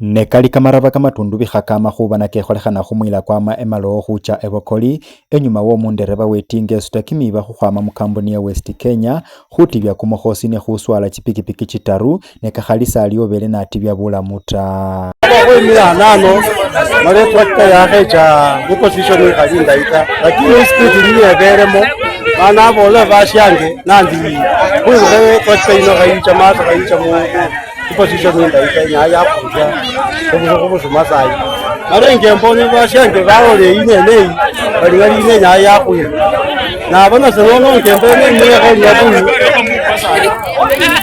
nekali kamaraba kamatundu bikhakama khubana kekholehana khumwila kwama emalowo khucha ebokoli enyuma womundereba wetinga esuta kimiba khukhwama mukambuni ya west kenya khutibya kumukhosi ne khuswala chipikipiki chitaru nekakhalisa aliwo bele natibya bulamu ta khwimila hanano mala etrakita yakhecha muposishoni ikhali lakini isipidi niyebelemo Bana bola bashange nandi huyo wewe kwa tsaino kai chama kai chama kwa sisho ni ndai kai ya ya kuja kwa kwa kwa suma sai ara nge mbone bashange bawo le ine ne bari bari ine ya ya kuya na bana sanono nge mbone ni ya kai ya kuya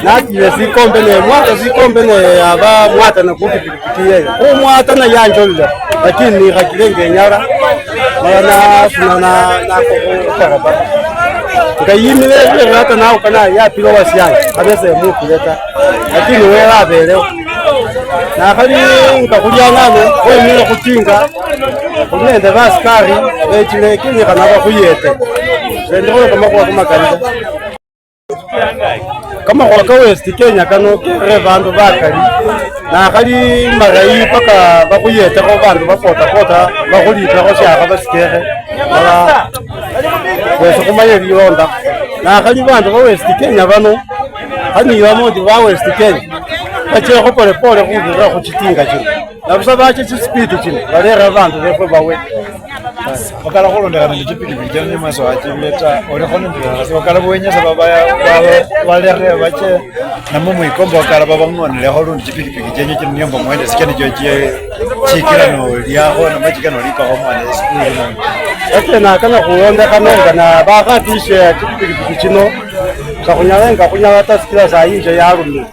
na kile sikombe ne mwata sikombe ne aba mwata na kuki pikipikie kwa mwata na yanjola lakini ni kakilenge nyara mara na sunana na kwa kwa barabara ngayimire virata nawe kana yapile kavese mukile ta lakini welavelewa nakhali ngakhulyanano wemile khuchinga khuli nende vaskari vechile kenyikhana vakhuyete sendikhole kamakhuwa kamakanisa kamakhuwa ka west kenya kano kerere vandu vakali nakhali marayi paka vakhuyetekho vandu vafotakhota vakhulitakho syakha vasikekhe kwesukuma yebilonda nakhali bandu ba west kenya bano khanywiwa moti ba west kenya bachekho polepole khubirira khuchitinga chino nabusa bache chisipidi chino balera bandu befwe bawe okala khulondekhana nechipidipidi chano nyamaso wachibile ta olikho nibirasi okala buwenyesa balere bache namwe mwikomba okala babang'onelekho lundi chipidipidi chenye chino niyomba muwendesi chene chikila nolyakho namachika mwana esikuli ete nakana khuyombekhana nga bakhatishe eh, chipikipiki chino sakhunyala nga khunyala ta sikila saa inje yalume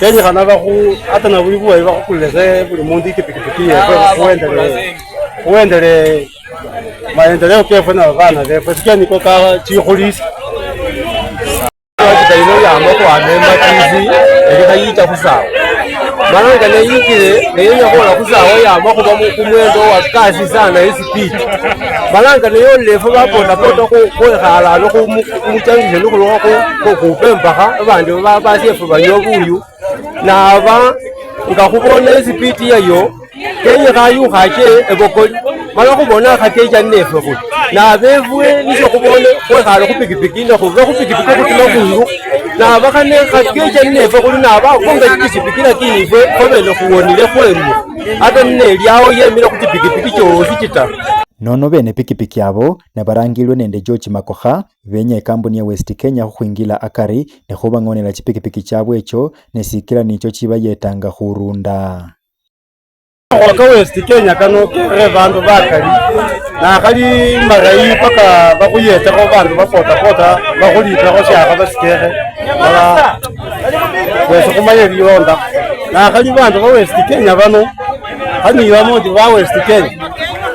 kenyikhana bakhu ata na buwayi e bakhukulilese buli mundu ikipikipiki yefe eh, khuwendele maendeleo kefe na babana befe sikeniko ka chikhulisi ino yamba khwamemba tizi elikhayicha khusawa malanga Manoita neyingile neyenyakola yama khuba kumwendo wa kasi sana esipidi malanga neyolelefa bapotapota kwekhala ano kumuchangise nikhulokha kupembakha babandi basyefe banywa buyu naba nga khubona esipidi yayo kenyikha yukhache ebokoli mala khubona khakecha nnefe khuli nabefwe nisyo khubone kwekhale khupikipiki nekhube khupikipiki khutima khuyu nabakhane khakechane efwe khuli nabakhonga chipikipiki lakini efwe khobele khuwonile khwenu ata nelyawo yemile khuchipikipiki chosi chita nono bene pikipiki abo nebarangilwe nende George Makokha benya ekampuni ya West Kenya khukhwingila akari nekhubang'onela chipikipiki chabwe echo nesikila nicho chibayetanga khurunda Mwaka west Kenya kano kerere bandu bakali nakhali marayi paka bakhuyetakho bandu bapotakhota bakhulitakho syakha basikekhe bala wesi khumaya bilonda nakhali bandu ba west Kenya bano khaniwamo ndi ba west Kenya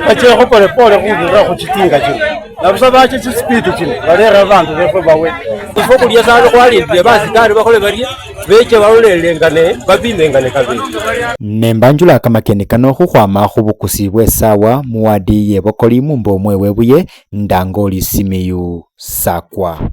bachekho polepole khubirira khuchitinga chino nabusa bache chisipidi chino balera bandu befwe bawe ifwe khulya khwalindile basikari bakhole barye beche balolelengane babimengane kabili mmemba njula kano khukhwama khubukusi bwesawa muwadi yebokoli mumba omwewe buye ndango oli simiyu sakwa